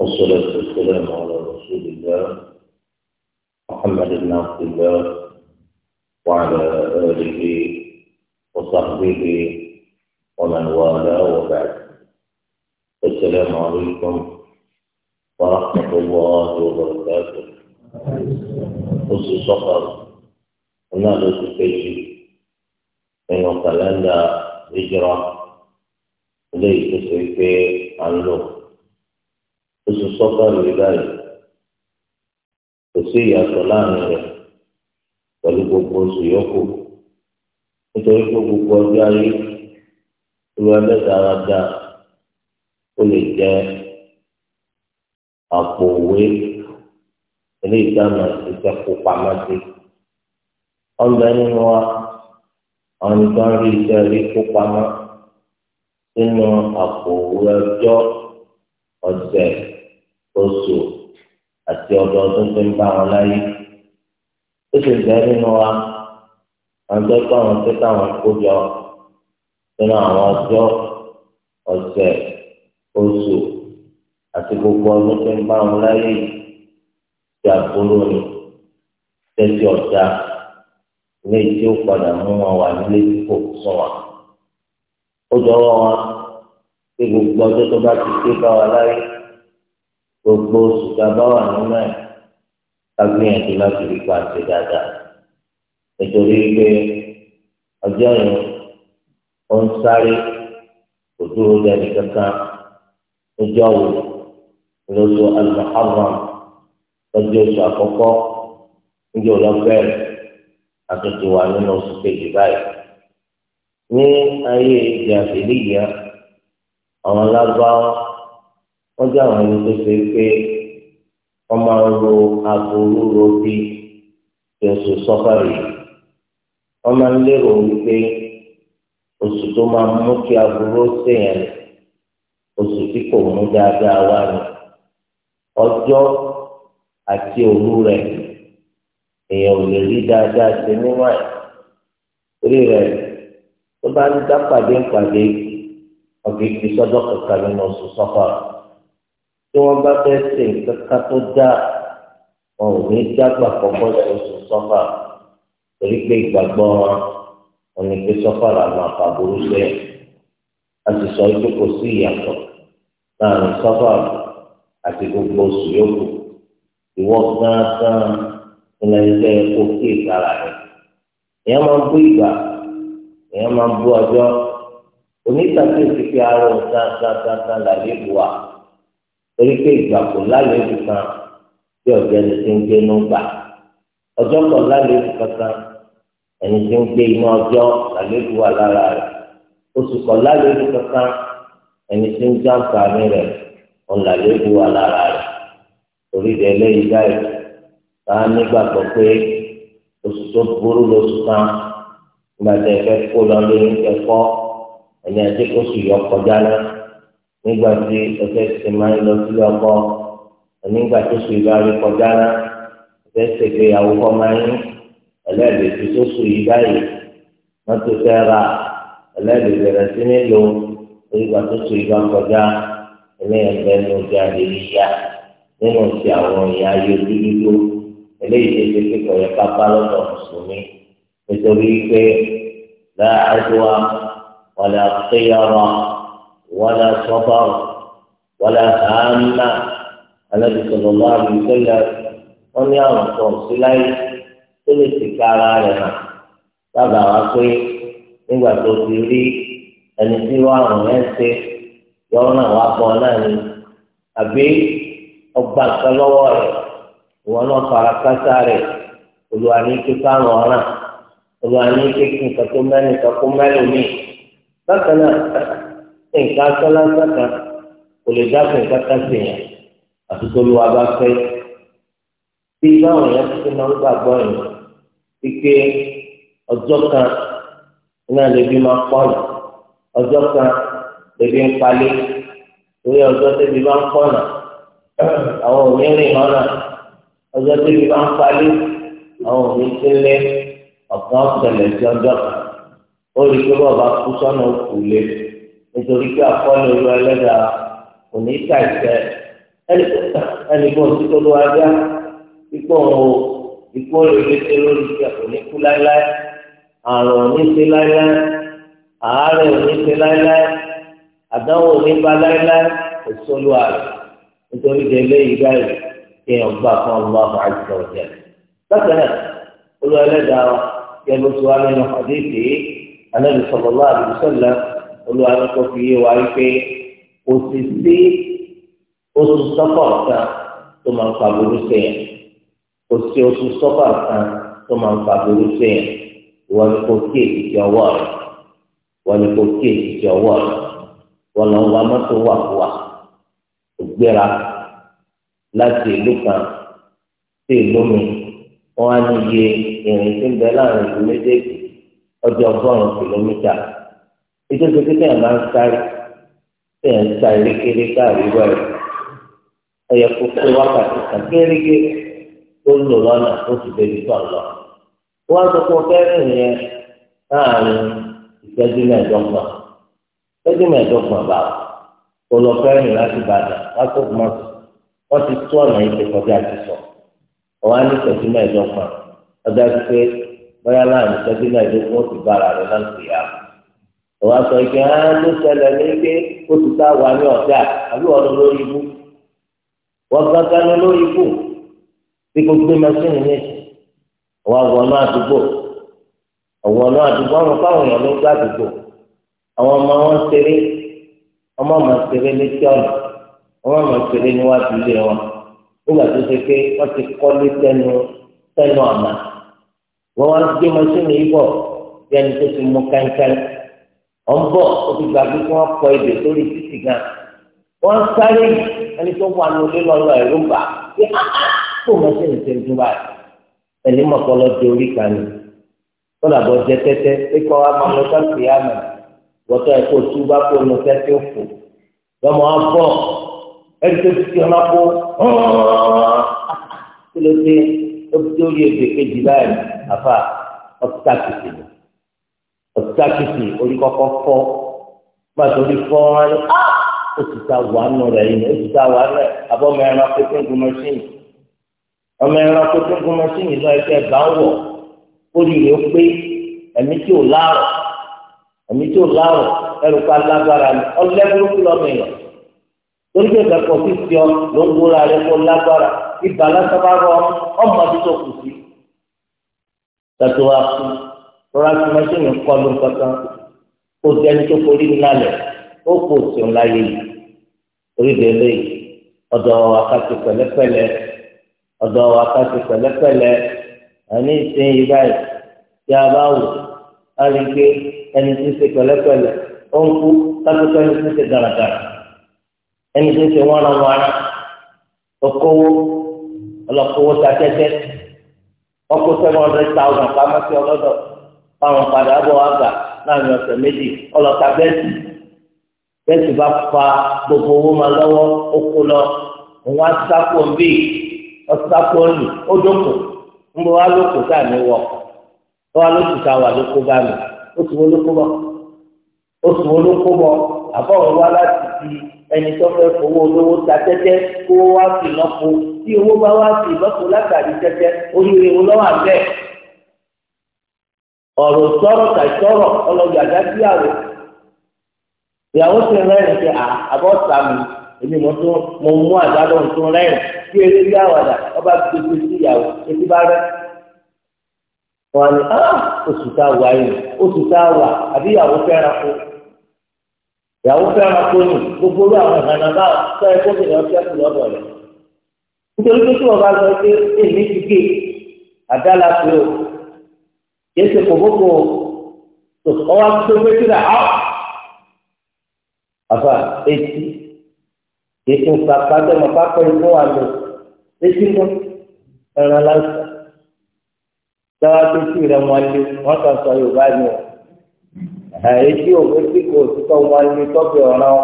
والصلاة والسلام على رسول الله محمد بن عبد الله وعلى آله وصحبه ومن والاه وبعد السلام عليكم ورحمة الله وبركاته خصوصا صفر ونادى الكيشي من كالندا هجرة ليس في, في عن لغة oṣù sọ́kàrù rí báyìí kò sí ìyàtọ̀ láàrin rẹ̀ pẹ̀lú gbogbo oṣù yòókù nítorí pé gbogbo ọjọ́ ayé olú ẹlẹ́dàá dá ó lè jẹ́ àpò òwe eléyìí dáná ìfẹ́ kó pamọ́ sí ọ̀nà nínú wa àwọn tó ń rí iṣẹ́ rí kó pamọ́ sínú àpò òwe ọjọ́ ọ̀sẹ̀ oṣù àti ọdọọdún tó ń bá wọn láyé ó sì bẹ́ẹ̀ nínú wa àwọn tó kọ́ àwọn tó táwọn kó jọ nínú àwọn ọjọ́ ọ̀sẹ̀ oṣù àti gbogbo ọdún tó ń bá wọn láyé ti àbúrò ni tẹ́tí ọ̀dà ilé tí ó padà mú wọn wà nílé tí kò sùn wọn. ó jọ wọ́n wọn pé gbogbo ọjọ́ tó bá ti dé bá wa láyé. gbogbo oṣù tàbá wà nínú ẹ̀ kágbìyànjú láti rí pa àti dáadáa nítorí pé ọjọ́ yẹn ó ń sáré kò dúró lẹ́nu kankan níjọ́ wo lóṣù al-muharram oṣù àkọ́kọ́ níjọ́ lọ́gbẹ̀rẹ̀ àtúntò wà nínú oṣù kejì báyìí ní ayé ìjà ìlú àwọn wọ́n jẹ́ àwọn ẹni tó ṣe pé wọ́n máa ń ro aburú robi sọ́fàrì wọ́n máa ń lérò wípé oṣù tó máa mú kí aburú ṣèyàn oṣù tí kò mú dáadáa wá ni ọjọ́ àti òru rẹ̀ èèyàn ò lè rí dáadáa ṣe níwọ̀n orí rẹ̀ tó bá ń dá pàdé pàdé ọ̀gẹ̀gẹ̀ sọ́dọ̀ nínú oṣù sọ́fàrì. tí wọ́n bá fẹ́ ṣe nǹkan kan tó dáa wọn ò ní dágbà kọ́kọ́ ṣe oṣù sọ́fà torí pé ìgbàgbọ́ wọn wọn ni pé sọ́fà làwọn àfàbùrú ṣe a sì sọ pé kò sí ìyàtọ̀ láàrin sọ́fà àti gbogbo oṣù yòókù ìwọ gángan ilẹ̀ ilẹ̀ ìtara rẹ̀ èèyàn máa ń bú ìgbà èèyàn máa ń bú ọjọ́ onítàkì ìsìnkú ara òun gángan gángan làlébùwà torí pé ìgbà kò lálejò kan tí ọ̀jẹ̀ ni ti ń gbé inú gbà ọjọ́ kan lálejò kankan ẹni tí ń gbé inú ọjọ́ lálejò wà lára rẹ̀ oṣù kan lálejò kankan ẹni tí ń jàǹfààní rẹ̀ òun lálejò wà lára rẹ̀ torí rẹ̀ lẹ́yìn báyìí ká nígbàgbọ́ pé oṣù tó burú lóṣù kan ìgbà tẹ̀ kó lọ lórí ẹ̀kọ́ ẹni àti oṣù yọ kọjá náà nígbà tí ẹsẹ̀ ti máa ń lọ sílé ọkọ nígbà tó sùn ìbá rí kọjá náà ẹsẹ̀ ṣègbéyàwó kọ́ máa ń ẹlẹ́ẹ̀dẹ̀ẹ́dì tó sùn yìí báyìí wọ́n ti fẹ́ ra ẹlẹ́ẹ̀dẹ̀ẹ́dì bẹ̀rẹ̀ sí nílò nígbà tó sùn ìbá kọjá ẹlẹ́yìn ní ọjà àdéhìyá nínú ti àwọn ìyá ayé dúdúdú eléyìí ti fi kọ̀yẹ́ pápá lọ́dọ̀ mùsùlùmí nítorí pé láàárọ̀ wàlẹ́ àkéyàrá. ولا صبر ولا هامة النبي صلى الله عليه وسلم wọ́n ní àwọn kan sí láyé tó lè sì ká ara rẹ̀ hàn dábàá wá pé nígbà tó ti rí ẹni tí wọ́n àrùn yẹn ṣe yọ ràn wá bọ́ náà ni àbí ọgbà nǹkan lọ́wọ́ rẹ̀ ìwọ náà fara kásá rẹ̀ olùwà ní kíkọ́ àrùn ọ̀ràn olùwà ní kíkọ́ nǹkan tó mẹ́rin nǹkan kó mẹ́rin mi bákan náà nǹkan asọ́lásàkà kò lè dákun kàkà sèyàn àtúntò ló wà bá fẹ́. bí báwọn èèyàn tuntun máa ń gbàgbọ́ yìí wípé ọjọ́ kan náà lè bí máa pọ̀nà ọjọ́ kan lè bí ń palẹ̀ torí ọjọ́ tẹ́bi máa ń pọ̀nà àwọn òmìnirin mọ́nà ọjọ́ tẹ́bi máa ń palẹ̀ àwọn òmìnirinlẹ̀ ọ̀kan ọ̀sẹ̀lẹ̀ sí ọjọ́ kan ó rí i pé bọ́ọ̀ bá kú sọ́nà òkú lé nítorí pé àkọọ́lẹ̀ olú ẹlẹ́dàá kò ní í ta ìfẹ́ ẹnìkan tí tó ló wá dá ikú òun o ikú olùdókè lórí ìfẹ́ kò ní kú láéláé àrùn òní ṣe láéláé àárẹ̀ òní ṣe láéláé àdánwò òní bá láéláé kò sólú àrùn nítorí délé ìgbà yìí kí èèyàn gbà fún ọlọ́wọ́ àwọn àìsàn ọ̀jẹ̀. bákan náà olú ẹlẹ́dàá yẹ ló ti wá nínú àdéhìí anábìsọ̀rọ̀ lọ́wọ́ àdìsọ̀lẹ̀ olúwa ló kó fi yé wa wípé kò sì sí oṣù sọ́kọ̀ kan tó máa ń pa burú sí yẹn kò sí oṣù sọ́kọ̀ kan tó máa ń pa burú sí yẹn ìwọ ni kò kí èsì ti ọwọ́ rẹ ìwọ ni kò kí èsì ọwọ́ rẹ ìwọ lọ wa mọ́tò wà wà ògbéra láti ìlú kan sí ìlú mi wọn á ní iye ìrìn tí ń bẹ láàrin ìlú méjèèjì ọjọ́ ọgọ́rùn-ún kìlómítà ètò ìṣèké tí yẹn máa ń sáré tí yẹn ń sa erékeré káàrin wẹ̀ ẹ̀yẹ kó pé wákàtí kan kéréke tó ń lò lọ́nà tó sì débi tó ń lọ. wọ́n á sọ fún ọkẹ́rẹ́ yẹn láàrin ìṣẹ́jú mẹ́ẹ̀ẹ́dọ́gbọ̀n ìṣẹ́jú mẹ́ẹ̀ẹ́dọ́gbọ̀n bá olùkọ́rin láti Ìbàdàn lásìkò mọ́ wọ́n ti tó ọ̀nà yìí ti kọjá ti sọ ọ̀wá ní ìṣẹ́jú mẹ́ẹ̀ẹ́dọ́gbọ̀n ọjọ́ ti pé láàrin ìṣẹ́jú mẹ́ẹ̀ẹ́dọ́gbọ̀n ó ti bára rẹ̀ láti ọwọ aṣọ ìgbà ló ṣẹlẹ̀ ní pé ó ti sá wà ní ọjà àbí ọdún lórí ibú wọn gbàgbà ní lórí ibú tí kò gbé mẹsìnì ní ọwọ àwọn náà àdúgbò ọwọ náà àdúgbò àwọn fáwọn èèyàn ló gbà àdúgbò àwọn ọmọ wọn ṣeré ọmọ ọmọ ṣeré létí ọ̀nà ọmọ ọmọ ṣeré níwájú ilé wọn nígbà tó ṣe pé wọn ti kọ́lé tẹnu tẹnu àmà wọn wá gbé mẹsìnì yìí bọ̀ bí ẹni tó ti mú káńkáńká ọ̀nbọ̀ òbí gbàgbé kí wọ́n kọ ebè sórí títì gan. wọ́n sáré ẹni tó wà ní olé lọ́lọ́ ẹ̀rú gbà pé áá ah, ah, kó o mọ̀ọ́sẹ̀ ní sẹ́yìn báyìí. ẹni mọ̀kọ́lọ́ di orí kan ni kọ́lá bọ̀ jẹ tẹ́tẹ́ pé kọ́ wa máa lọ sọ́ọ̀tì àmà wọ́tọ́ ẹ̀ kó tú bá kó lọ sẹ́tì òfò lọ́mọ afọ́ ẹni tó ti ọmọ kó ah, kí ló dé ó ti orí ebè kejì báyìí àfà ọ̀ ọ̀tàkìtì orí fọ́ pàtó orí fọ́ wọn ni á ó ti ta wà nù rẹ̀ yìí ó ti ta wà nù rẹ̀ abọ́mọ ẹran pínpín gun mọ́ṣíìnì ọmọ ẹran pínpín gun mọ́ṣíìnì lọ ẹgbẹ́ bá ń wọ̀ ó rí rẹ̀ pé ẹ̀mí tí ò láàrọ̀ ẹ̀mí tí ò láàrọ̀ ẹrù pa lágbára ni ọlẹ́gbẹ́rún lọ́mọ èèyàn torí pé ìgbàgbọ́ sí ti ọ ló ń wúra rẹ kó lágbára ìgbà rọ ọmọ àdúgbò kù sí. tàtó wa fún un rọra tí mọ́ṣínì ń kọlu kankan kó dẹni tó forí nílẹ̀ ó kò sí ńlá yìí orí bẹ́ẹ̀ ọ̀dọ̀ àkàtì pẹ̀lẹ́pẹ̀lẹ́ ọ̀dọ̀ àkàtì pẹ̀lẹ́pẹ̀lẹ́ àní ìsinyìí báyìí tí a bá wò á rí i pé ẹni tí ń ṣe pẹ̀lẹ́pẹ̀lẹ́ ó ń kú kápẹ́kọ́ ẹni tí ń ṣe dáradára ẹni tí ń ṣe wọ́n okòwò ọlọ́kòwò ta tẹ́tẹ́ ọkọ̀ seven hundred thousand pamọ́ sí ọlọ́dọ̀. fáwọn padà bọ̀ wá gbà láàrin ọ̀sẹ̀ méjì ọlọ́ta bẹ́ẹ̀sì bẹ́ẹ̀sì bá fa gbogbo owó máa lọ́wọ́ ó kó lọ òun á sápò ń bì ó sápò ń lù ó dókò ń bọ̀ wá tá à ní wọ̀ ó wá tá a wà lókò bá mi ó sì wọ́n bọ̀ ó sì wọ́n bọ̀ àbọ̀ òun wá láti ẹni tó fẹ́ fowó olówó ta tẹ́tẹ́ kó wá sí tí owó bá wá ọ̀rọ̀ sọ̀rọ̀ kàìsọ̀rọ̀ ọlọ́jà dásí àwẹ̀ ìyàwó ti rẹ́rìn èmi mú àdádọ́ rẹ́rìn kí bí àwàdà ọba ìyàwó etí bá rẹ́ wọn ni oṣù tá a wà yìí a wà àbí ìyàwó fẹ́ràn kó ìyàwó fẹ́ràn kó ni gbogbo àwọn bá sọ nítorí pé tí wọn bá sọ pé èmi ti gé kìí ṣe kòkòkò tó ọwọ́ tó gbé sílẹ̀ á. Àfà etí kìí ṣe pàpà tó mọ̀ pápá ikú wà lọ etí kú ẹran lásán. Sáwá tó kú rẹ̀ wọn lé wọ́n kàn sọ Yorùbá ni o. que ò etí kò títọ́ wọn lé o ọ̀ràn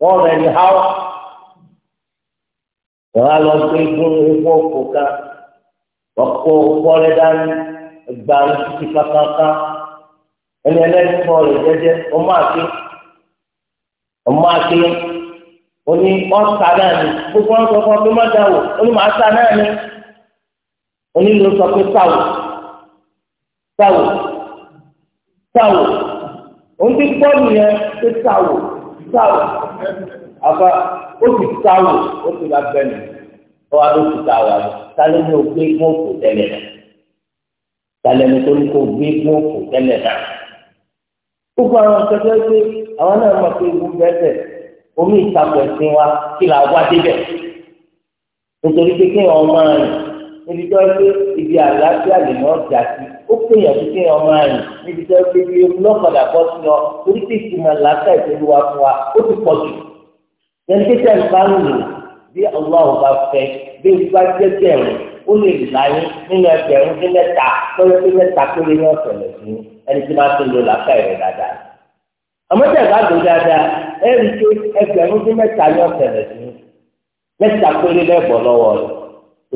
wọn rẹ̀ ní á. Ìwà lọ gbé gún epo kò ká ọkọ̀ gba titi pátápátá ẹni ẹlẹ́sìn rẹ̀ jẹ́jẹ́ ọmọ àti ọmọ àti oní ọ̀sà náà ni gbogbo kan má oní màá sà náà ni oní ló sọ pé òun ti gbọ́ nìyẹn pé ó ti ó ti ló ti talẹ̀mí tó ní kó gbé gbòòfò tẹ́lẹ̀ náà. gbogbo àwọn akẹ́kọ̀ọ́ pé àwọn náà mọ̀ pé egun bẹ́ẹ̀ omi ìtakùn ẹ̀sìn wa kí là wá débẹ̀. nítorí pé kí wọn máa rìn níbi tó ń pé ibi àlàáfíà lè mọ́ ọ̀jà sí ó péyàn fún kí wọn máa rìn níbi tó ń pé ibi olókàdá bọ́ sí lọ orí tí ìtumọ̀ làákà ìtẹ́lú fún wa ó ti pọ̀ jù. yẹn kí bá ń lò bí ọlọ́run bá fẹ́ bí ó bá jẹ́ bẹ̀rẹ̀ ó lè láyé nínú ẹgbẹ̀rún mẹ́ta lọ́wọ́ mẹ́ta tó lé ní ẹni tí máa lo làákà ẹ̀rọ dáadáa. àmọ́ tí ẹ̀ka lò dáadáa ẹgbẹ̀rún mẹ́ta ní mẹ́ta tó lé lẹ́bọ̀ lọ́wọ́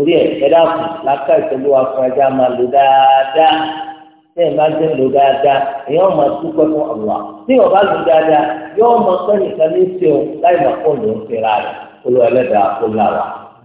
rẹ̀ torí làákà máa dáadáa ẹ bá dáadáa èèyàn máa fún ọba lò dáadáa ní o láì máa kó lòún fi ra